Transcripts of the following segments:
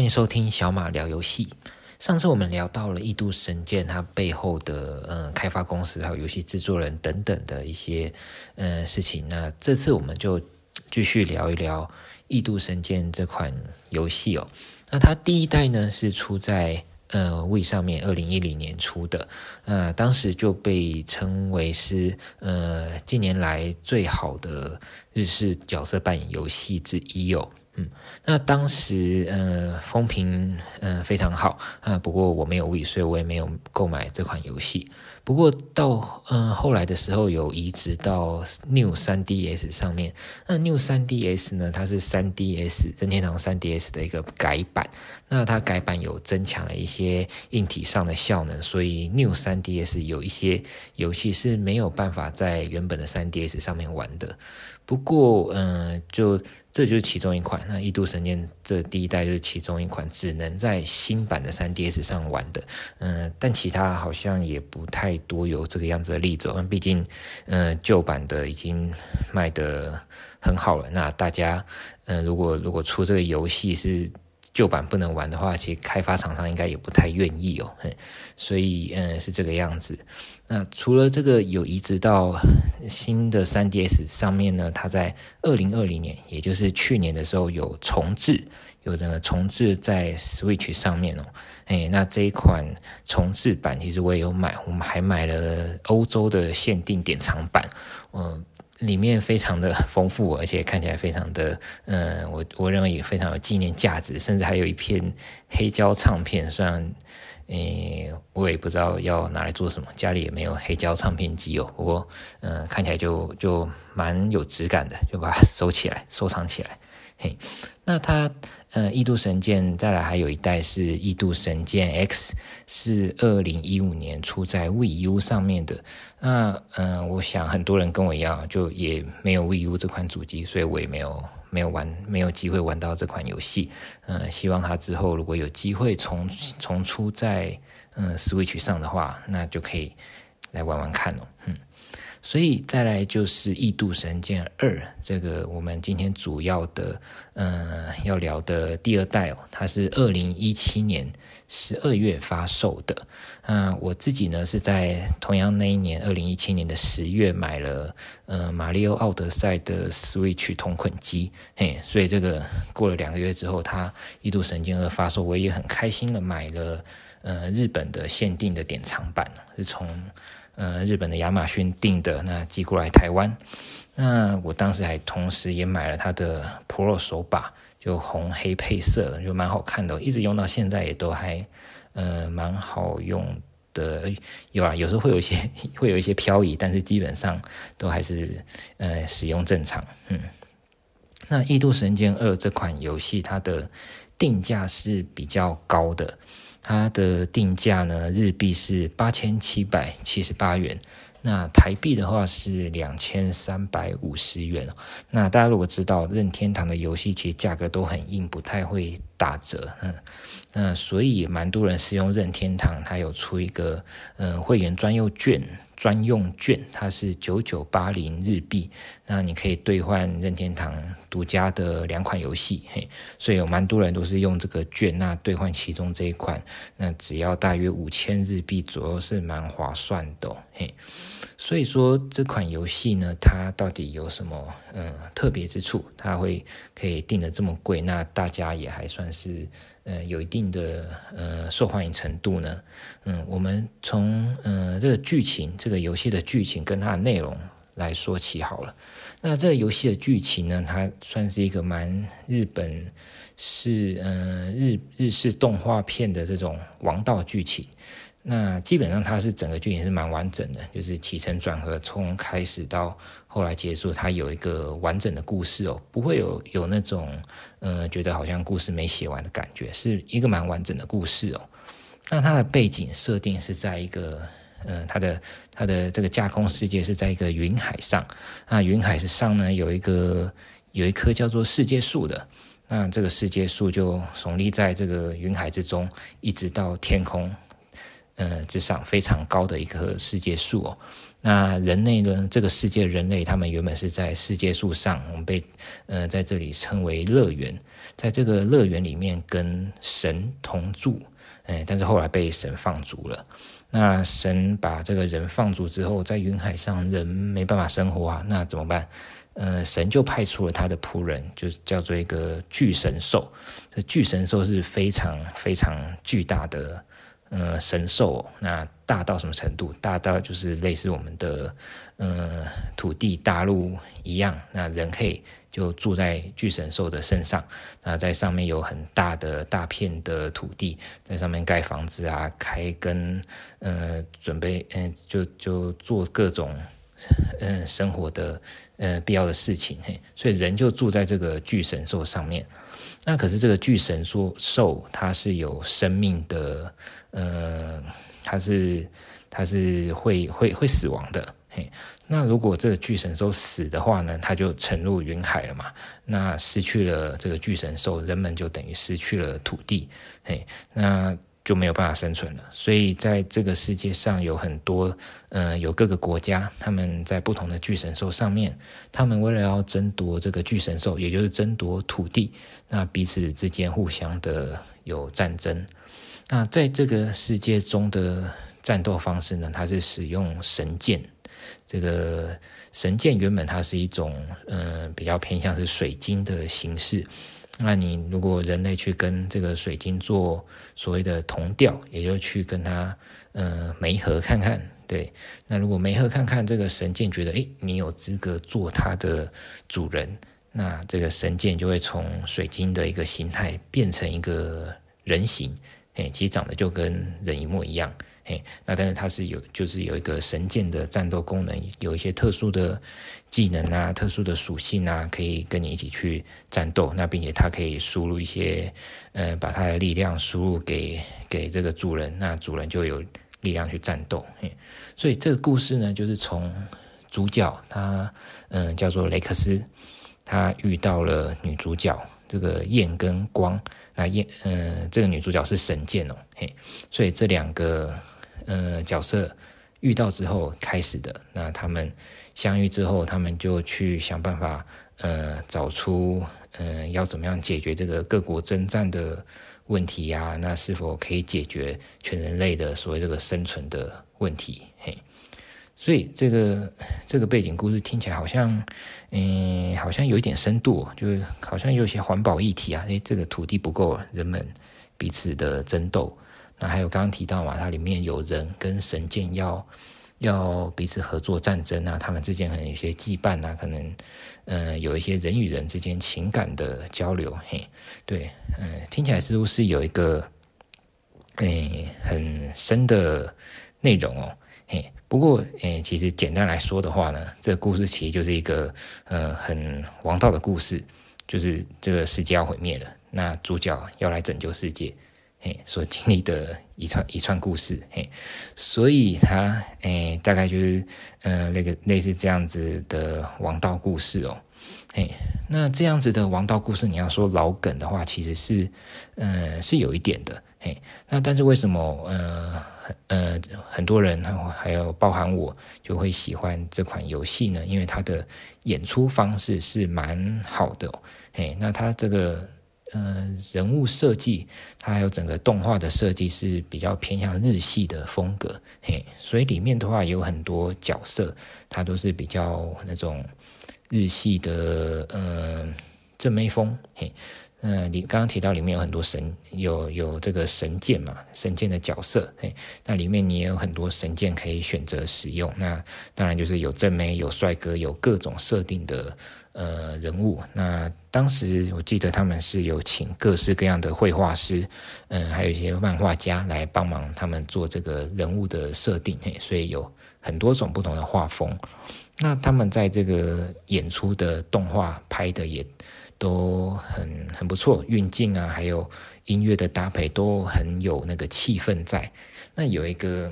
歡迎收聽小馬聊遊戲。上次我們聊到了《異度神劍》，它背後的嗯、呃、開發公司還有遊戲製作人等等的一些嗯、呃、事情。那這次我們就繼續聊一聊《異度神劍》這款遊戲哦。那它第一代呢是出在呃 Wii 上面，二零一零年出的、呃，當時就被稱為是呃近年來最好的日式角色扮演遊戲之一哦。嗯，那當時嗯、呃、風評嗯、呃、非常好啊、呃，不過我沒有 Wii，所以我也沒有購買這款遊戲。不過到嗯後來的時候有移植到 New 3DS 上面，那 New 3DS 呢，它是 3DS 任天堂 3DS 的一個改版，那它改版有增強了一些硬體上的效能，所以 New 3DS 有一些遊戲是沒有辦法在原本的 3DS 上面玩的。不過嗯，就這就是其中一款，那《異度神劍》這第一代就是其中一款，只能在新版的 3DS 上玩的。嗯，但其他好像也不太。太多有這個樣子的例子、哦，那畢竟，嗯、呃，舊版的已經賣得很好了，那大家，嗯、呃，如果如果出這個遊戲是舊版不能玩的話，其實開發廠商應該也不太願意哦，所以，嗯、呃，是這個樣子。那除了這個有移植到新的 3DS 上面呢，它在二零二零年，也就是去年的時候有重製，有這個重製在 Switch 上面哦，哎、欸，那這一款重製版其實我也有買，我們還買了歐洲的限定典藏版，嗯，裡面非常的豐富、哦，而且看起來非常的，嗯、呃，我我認為也非常有紀念價值，甚至還有一片黑膠唱片，雖然，誒、欸、我也不知道要拿來做什麼，家裡也沒有黑膠唱片機哦，不過，嗯、呃，看起來就就蠻有質感的，就把它收起來，收藏起來。嘿、hey，那它呃，異度神劍，再來還有一代是異度神劍 X，是二零一五年出在 Wii U 上面的。那嗯、呃，我想很多人跟我一樣，就也沒有 Wii U 這款主機，所以我也沒有沒有玩，沒有機會玩到這款遊戲。嗯、呃，希望他之後如果有機會重重出在嗯、呃、Switch 上的話，那就可以來玩玩看了、哦，嗯。所以再來就是《異度神劍二》這個我們今天主要的，嗯、呃，要聊的第二代哦，它是二零一七年十二月發售的。那，呃，我自己呢是在同樣那一年二零一七年的十月買了，呃，《馬里奧奧德賽》的 Switch 同捆機，嘿，所以這個過了兩個月之後，它《異度神劍二》發售，我也很開心的買了，呃，日本的限定的典藏版，是從，呃，日本的亞馬遜訂的，那寄過來台灣，那我當時還同時也買了它的 Pro 手把，就紅黑配色，就蠻好看的哦，一直用到現在也都還，呃，蠻好用的。有啊，有時候會有一些會有一些漂移，但是基本上都還是呃使用正常。嗯，那《異度神劍二》這款遊戲，它的定價是比較高的。它的定價呢，日幣是八千七百七十八元，那台幣的話是兩千三百五十元。那大家如果知道任天堂的遊戲，其實價格都很硬，不太會打折。嗯，那所以蠻多人使用任天堂，它有出一個嗯、呃、會員專用券。專用券，它是九九八零日幣，那你可以兌換任天堂獨家的兩款遊戲，嘿，所以有蠻多人都是用這個券，那兌換其中這一款，那只要大約五千日幣左右是蠻划算的，哦，嘿，所以說這款遊戲呢，它到底有什麼嗯、呃、特別之處？它會可以定得這麼貴？那大家也還算是。呃，有一定的呃受歡迎程度呢。嗯，我們從呃這個劇情，這個遊戲的劇情跟它的內容來說起好了。那這個遊戲的劇情呢，它算是一個蠻日本。是嗯、呃，日日式動畫片的這種王道劇情，那基本上它是整個劇情是蠻完整的，就是起承轉合，從開始到後來結束，它有一個完整的故事哦，不會有有那種嗯、呃，覺得好像故事沒寫完的感覺，是一個蠻完整的故事哦。那它的背景設定是在一個嗯、呃，它的它的這個架空世界是在一個雲海上，那雲海上呢有一個有一棵叫做世界樹的。那這個世界樹就聳立在這個雲海之中，一直到天空，呃之上非常高的一個世界樹哦。那人類呢？這個世界人類他們原本是在世界樹上，我們被呃在這裡稱為樂園，在這個樂園裡面跟神同住，哎，但是後來被神放逐了。那神把這個人放逐之後，在雲海上人沒辦法生活啊，那怎麼辦？呃，神就派出了他的僕人，就是叫做一個巨神獸。這巨神獸是非常非常巨大的，呃，神獸、哦。那大到什麼程度？大到就是類似我們的呃土地大陸一樣。那人可以就住在巨神獸的身上，那在上面有很大的大片的土地，在上面蓋房子啊，開耕，呃，準備嗯、呃，就就做各種嗯、呃、生活的。呃，必要的事情，嘿，所以人就住在這個巨神獸上面。那可是這個巨神獸，獸它是有生命的，呃，它是它是會會會死亡的，嘿。那如果這個巨神獸死的話呢，它就沉入雲海了嘛。那失去了這個巨神獸，人們就等於失去了土地，嘿。那就沒有辦法生存了，所以在這個世界上有很多，嗯、呃，有各個國家，他們在不同的巨神獸上面，他們為了要爭奪這個巨神獸，也就是爭奪土地，那彼此之間互相的有戰爭。那在這個世界中的戰鬥方式呢，它是使用神劍。這個神劍原本它是一種，嗯、呃，比較偏向是水晶的形式。那你如果人類去跟這個水晶做所謂的同調，也就去跟它，呃，媒合看看。對，那如果媒合看看這個神劍，覺得哎、欸，你有資格做它的主人，那這個神劍就會從水晶的一個形態變成一個人形，哎、欸，其實長得就跟人一模一樣。那但是它是有，就是有一個神劍的戰鬥功能，有一些特殊的技能啊、特殊的屬性啊，可以跟你一起去戰鬥。那並且它可以輸入一些，呃，把它的力量輸入給給這個主人，那主人就有力量去戰鬥。嘿，所以這個故事呢，就是從主角他，嗯、呃，叫做雷克斯，他遇到了女主角這個焰跟光，那焰，嗯、呃，這個女主角是神劍哦、喔，嘿，所以這兩個。呃，角色遇到之後開始的，那他們相遇之後，他們就去想辦法，呃，找出，嗯、呃，要怎麼樣解決這個各國征戰的問題呀、啊？那是否可以解決全人類的所謂這個生存的問題？嘿，所以這個這個背景故事聽起來好像，嗯、呃，好像有一點深度，就是好像有些環保議題啊、欸，這個土地不夠，人們彼此的爭鬥。那還有剛剛提到嘛，它裡面有人跟神劍要要彼此合作戰爭啊，他們之間可能有些羈絆啊，可能嗯、呃、有一些人與人之間情感的交流。嘿，對，嗯、呃，聽起來似乎是有一個誒、欸、很深的內容哦、喔。嘿，不過誒、欸，其實簡單來說的話呢，這個故事其實就是一個呃很王道的故事，就是這個世界要毀滅了，那主角要來拯救世界。嘿，所經歷的一串一串故事，嘿，所以他，哎、欸，大概就是，呃、那個類似這樣子的王道故事哦，嘿，那這樣子的王道故事，你要說老梗的話，其實是，呃，是有一點的，嘿，那但是為什麼，呃，呃，很多人還有包含我，就會喜歡這款遊戲呢？因為它的演出方式是蠻好的，嘿，那它這個。呃，人物設計，它還有整個動畫的設計是比較偏向日系的風格，嘿，所以裡面的話有很多角色，它都是比較那種日系的，嗯，呃，正妹風，嘿，嗯，你剛剛提到裡面有很多神，有有這個神劍嘛，神劍的角色，嘿，那裡面你也有很多神劍可以選擇使用，那當然就是有正妹，有帥哥，有各種設定的。呃，人物。那當時我記得他們是有請各式各樣的繪畫師，嗯、呃，還有一些漫畫家來幫忙他們做這個人物的設定，嘿，所以有很多種不同的畫風。那他們在這個演出的動畫拍的也都很很不錯，運鏡啊，還有音樂的搭配都很有那個氣氛在。那有一個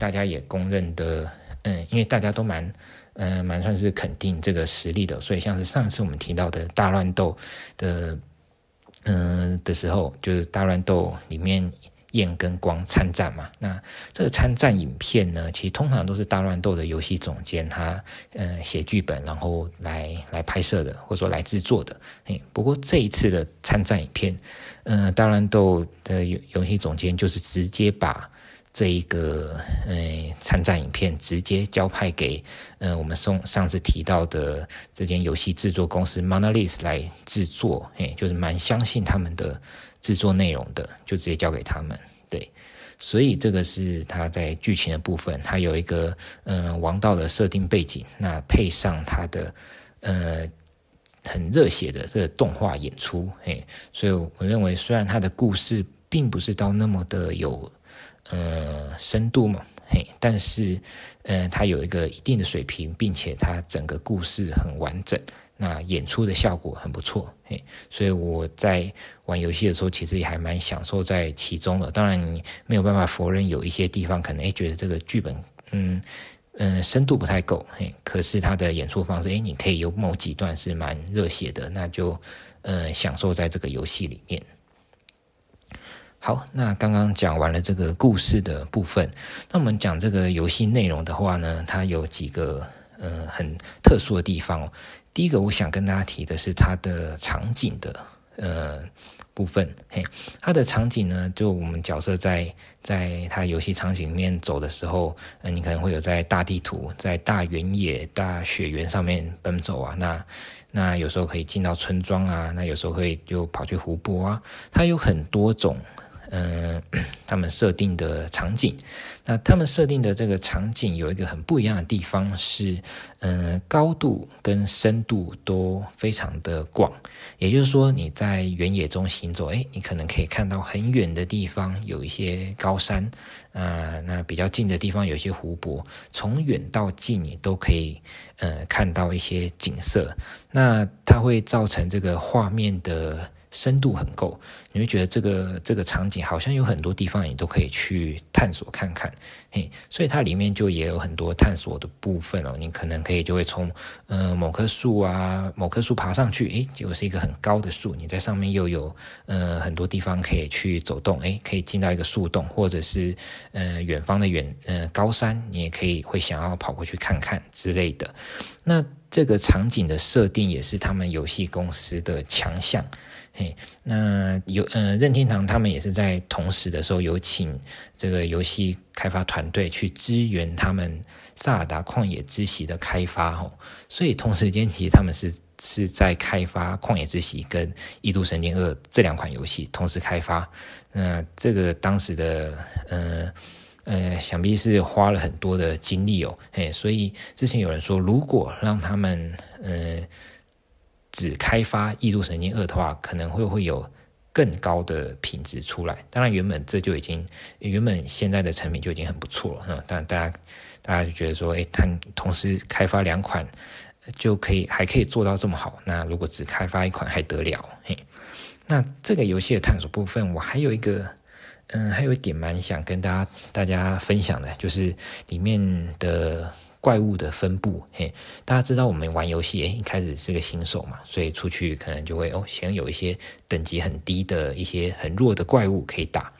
大家也公認的，嗯、呃，因為大家都蠻。嗯、呃，蠻算是肯定這個實力的。所以像是上次我們提到的大亂鬥的，嗯、呃、的時候，就是大亂鬥裡面焰跟光參戰嘛。那這個參戰影片呢，其實通常都是大亂鬥的遊戲總監他嗯、呃、寫劇本，然後來來拍攝的，或者說來製作的。嘿，不過這一次的參戰影片，嗯、呃，大亂鬥的遊戲總監就是直接把。這一個呃參戰影片，直接交派給呃我們上次提到的這間遊戲制作公司 Monolith 來制作，嘿，就是蠻相信他們的制作內容的，就直接交給他們。對，所以這個是他在劇情的部分，他有一個嗯、呃、王道的設定背景，那配上他的呃很熱血的這個動畫演出，嘿，所以我認為雖然他的故事並不是到那麼的有。呃，深度嘛，嘿，但是，嗯、呃，它有一個一定的水平，並且它整個故事很完整，那演出的效果很不錯，嘿，所以我在玩遊戲的時候，其實也還蠻享受在其中的。當然，你沒有辦法否認有一些地方可能誒覺得這個劇本，嗯嗯、呃，深度不太夠，嘿，可是它的演出方式，哎，你可以有某幾段是蠻熱血的，那就，呃，享受在這個遊戲裡面。好，那剛剛講完了這個故事的部分，那我們講這個遊戲內容的話呢，它有幾個呃很特殊的地方哦。第一個我想跟大家提的是它的場景的呃部分，嘿，它的場景呢，就我們角色在在它遊戲場景裡面走的時候，呃，你可能會有在大地圖、在大原野、大雪原上面奔走啊，那那有時候可以進到村莊啊，那有時候會就跑去湖泊啊，它有很多種。嗯、呃，他們設定的場景，那他們設定的這個場景有一個很不一樣的地方是，嗯、呃，高度跟深度都非常的廣。也就是說，你在原野中行走，哎、欸，你可能可以看到很遠的地方有一些高山，啊、呃，那比較近的地方有一些湖泊，從遠到近你都可以，呃，看到一些景色。那它會造成這個畫面的。深度很夠，你會覺得這個這個場景好像有很多地方你都可以去探索看看，嘿，所以它裡面就也有很多探索的部分哦。你可能可以就會從呃某棵樹啊某棵樹爬上去，哎，結果是一個很高的樹，你在上面又有呃很多地方可以去走動，哎，可以進到一個樹洞，或者是呃遠方的遠呃高山，你也可以會想要跑過去看看之類的。那這個場景的設定也是他們遊戲公司的強項。嘿，那有呃，任天堂他們也是在同時的時候有請這個遊戲開發團隊去支援他們《薩爾達曠野之息》的開發，哦，所以同時間其實他們是是在開發《曠野之息》跟《異度神劍二》這兩款遊戲同時開發，那這個當時的呃呃，想必是花了很多的精力哦，嘿，所以之前有人說，如果讓他們，呃只開發異度神劍二的話，可能會不會有更高的品質出來？當然，原本這就已經，原本現在的成品就已經很不錯了。嗯，但大家，大家就覺得說，哎、欸，他同時開發兩款就可以，還可以做到這麼好。那如果只開發一款還得了？嘿，那這個遊戲的探索部分，我還有一個，嗯，還有一點蠻想跟大家大家分享的，就是裡面的。怪物的分布，嘿，大家知道我們玩遊戲，欸，一開始是個新手嘛，所以出去可能就會哦，先有一些等級很低的一些很弱的怪物可以打。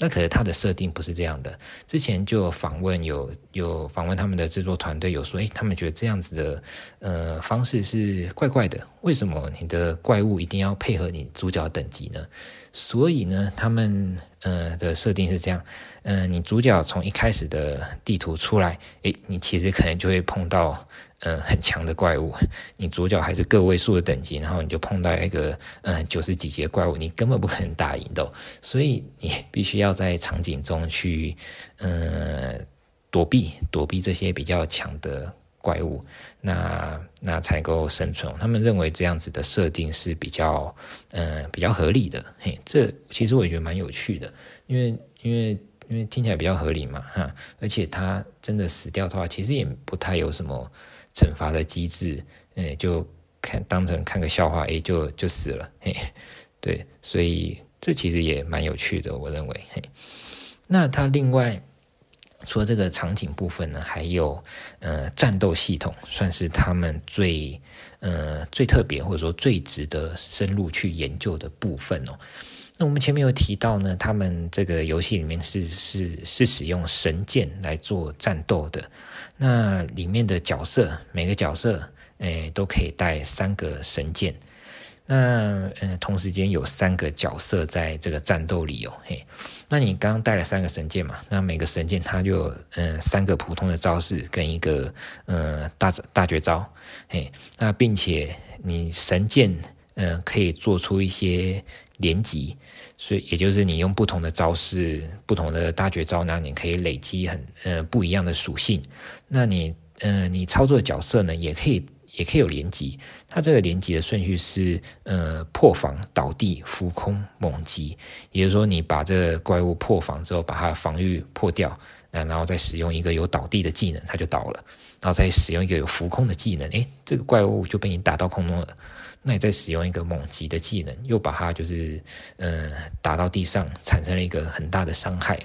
那可是它的設定不是這樣的，之前就訪問有有訪問他們的制作團隊，有說，誒、欸，他們覺得這樣子的呃方式是怪怪的，為什麼你的怪物一定要配合你主角等級呢？所以呢，他們呃的設定是這樣，嗯、呃，你主角從一開始的地圖出來，誒，你其實可能就會碰到呃很強的怪物，你主角還是個位數的等級，然後你就碰到一個呃九十幾級的怪物，你根本不可能打贏的，所以你必須要在場景中去呃躲避躲避這些比較強的。怪物，那那才夠生存。他們認為這樣子的設定是比較，嗯、呃，比較合理的。嘿，這其實我覺得蠻有趣的，因為因為因為聽起來比較合理嘛，哈。而且他真的死掉的話，其實也不太有什麼懲罰的機制，嗯，就看當成看個笑話，誒、欸，就就死了，嘿，對，所以這其實也蠻有趣的，我認為。嘿，那他另外。除了這個場景部分呢，還有呃戰鬥系統，算是他們最呃最特別或者說最值得深入去研究的部分哦。那我們前面有提到呢，他們這個遊戲裡面是是是使用神劍來做戰鬥的，那裡面的角色，每個角色誒都可以帶三個神劍。那嗯、呃，同時間有三個角色在這個戰鬥裡哦嘿，那你剛剛帶了三個神劍嘛？那每個神劍它就有嗯、呃、三個普通的招式跟一個呃大大絕招嘿，那並且你神劍嗯、呃、可以做出一些連擊，所以也就是你用不同的招式、不同的大絕招呢，那你可以累積很呃不一樣的屬性。那你嗯、呃、你操作角色呢也可以也可以有連擊，它這個連擊的順序是，呃，破防、倒地、浮空、猛擊。也就是說，你把這個怪物破防之後，把它防禦破掉，然後再使用一個有倒地的技能，它就倒了；然後再使用一個有浮空的技能，誒，這個怪物就被你打到空中了。那你再使用一個猛擊的技能，又把它就是，呃，打到地上，產生了一個很大的傷害。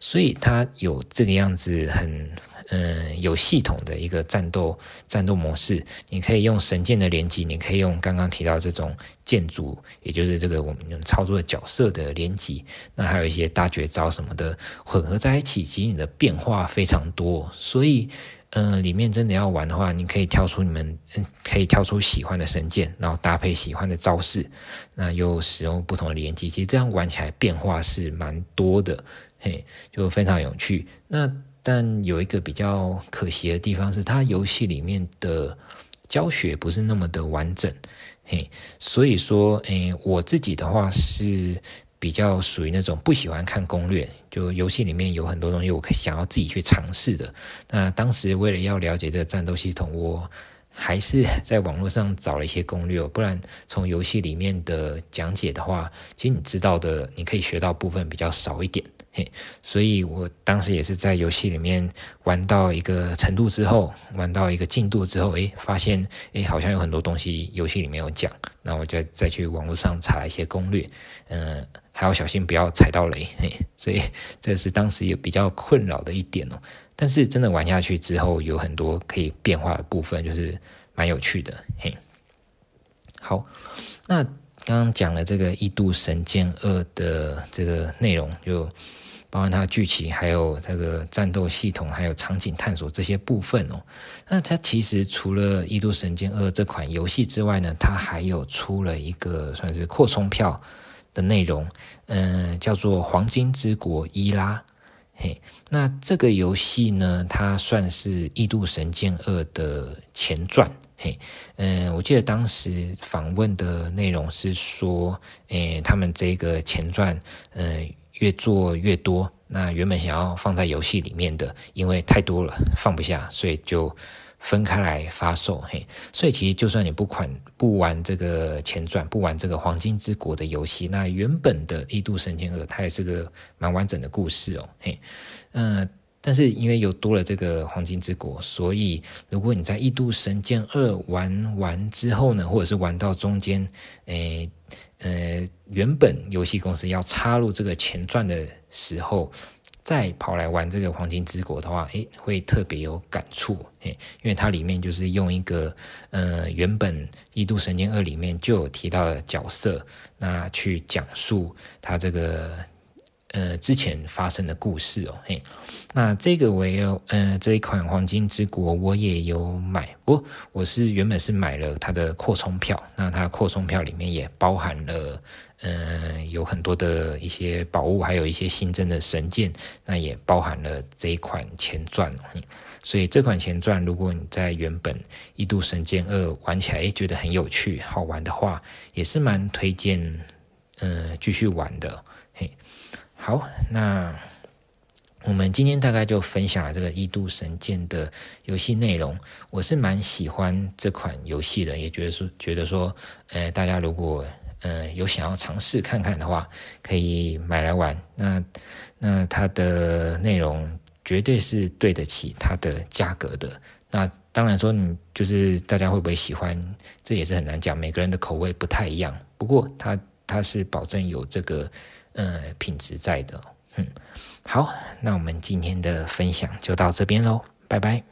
所以它有這個樣子很。嗯，有系統的一個戰鬥戰鬥模式，你可以用神劍的連擊，你可以用剛剛提到這種建築，也就是這個我們操作的角色的連擊，那還有一些大絕招什麼的混合在一起，其實你的變化非常多。所以，嗯、呃，裡面真的要玩的話，你可以挑出你們，嗯、可以挑出喜歡的神劍，然後搭配喜歡的招式，那又使用不同的連擊，其實這樣玩起來變化是蠻多的，嘿，就非常有趣。那。但有一個比較可惜的地方是，他遊戲裡面的教學不是那麼的完整，嘿，所以說，誒，我自己的話是比較屬於那種不喜歡看攻略，就遊戲裡面有很多東西我想要自己去嘗試的。那當時為了要了解這個戰鬥系統，我還是在網絡上找了一些攻略，不然從遊戲裡面的講解的話，其實你知道的，你可以學到部分比較少一點。嘿，所以我當時也是在遊戲裡面玩到一個程度之後，玩到一個進度之後，哎，發現哎，好像有很多東西遊戲裡面有講，那我就再去網絡上查一些攻略，嗯、呃，還要小心不要踩到雷。嘿，所以這是當時也比較困擾的一點哦。但是真的玩下去之後，有很多可以變化的部分，就是蠻有趣的。嘿，好，那。剛剛講了這個《異度神劍二》的這個內容，就包含它的劇情、還有這個戰鬥系統、還有場景探索這些部分哦。那它其實除了《異度神劍二》這款遊戲之外呢，它還有出了一個算是擴充票的內容，嗯、呃，叫做《黃金之國伊拉》。嘿、hey，那這個遊戲呢，它算是《異度神劍二》的前傳。嘿，嗯，我記得當時訪問的內容是說，誒、欸，他們這個前傳，嗯、呃，越做越多。那原本想要放在遊戲裡面的，因為太多了，放不下，所以就分開來發售，嘿，所以其實就算你不款不玩這個前傳，不玩這個黃金之國的遊戲，那原本的《異度神劍二》它也是個蠻完整的故事哦，嘿，嗯、呃，但是因為又多了這個黃金之國，所以如果你在《異度神劍二》玩完之後呢，或者是玩到中間，誒、呃，呃，原本遊戲公司要插入這個前傳的時候。再跑來玩這個黃金之國的話，誒、欸，會特別有感觸，誒、欸，因為它裡面就是用一個，呃，原本《異度神劍二》裡面就有提到的角色，那去講述它這個。呃，之前發生的故事哦，嘿，那這個我有，呃，這一款黃金之國我也有買，不，我是原本是買了它的擴充票，那它擴充票裡面也包含了，呃，有很多的一些寶物，還有一些新增的神劍，那也包含了這一款前傳，所以這款前傳，如果你在原本《異度神劍二》玩起來，覺得很有趣、好玩的話，也是蠻推薦，呃，繼續玩的。好，那我們今天大概就分享了這個《異度神劍》的遊戲內容。我是蠻喜歡這款遊戲的，也覺得說，覺得說，呃，大家如果呃有想要嘗試看看的話，可以買來玩。那那它的內容絕對是對得起它的價格的。那當然說，你就是大家會不會喜歡，這也是很難講，每個人的口味不太一樣。不過它，它它是保證有這個。呃，品質在的，哼、嗯，好，那我們今天的分享就到這邊囉，拜拜。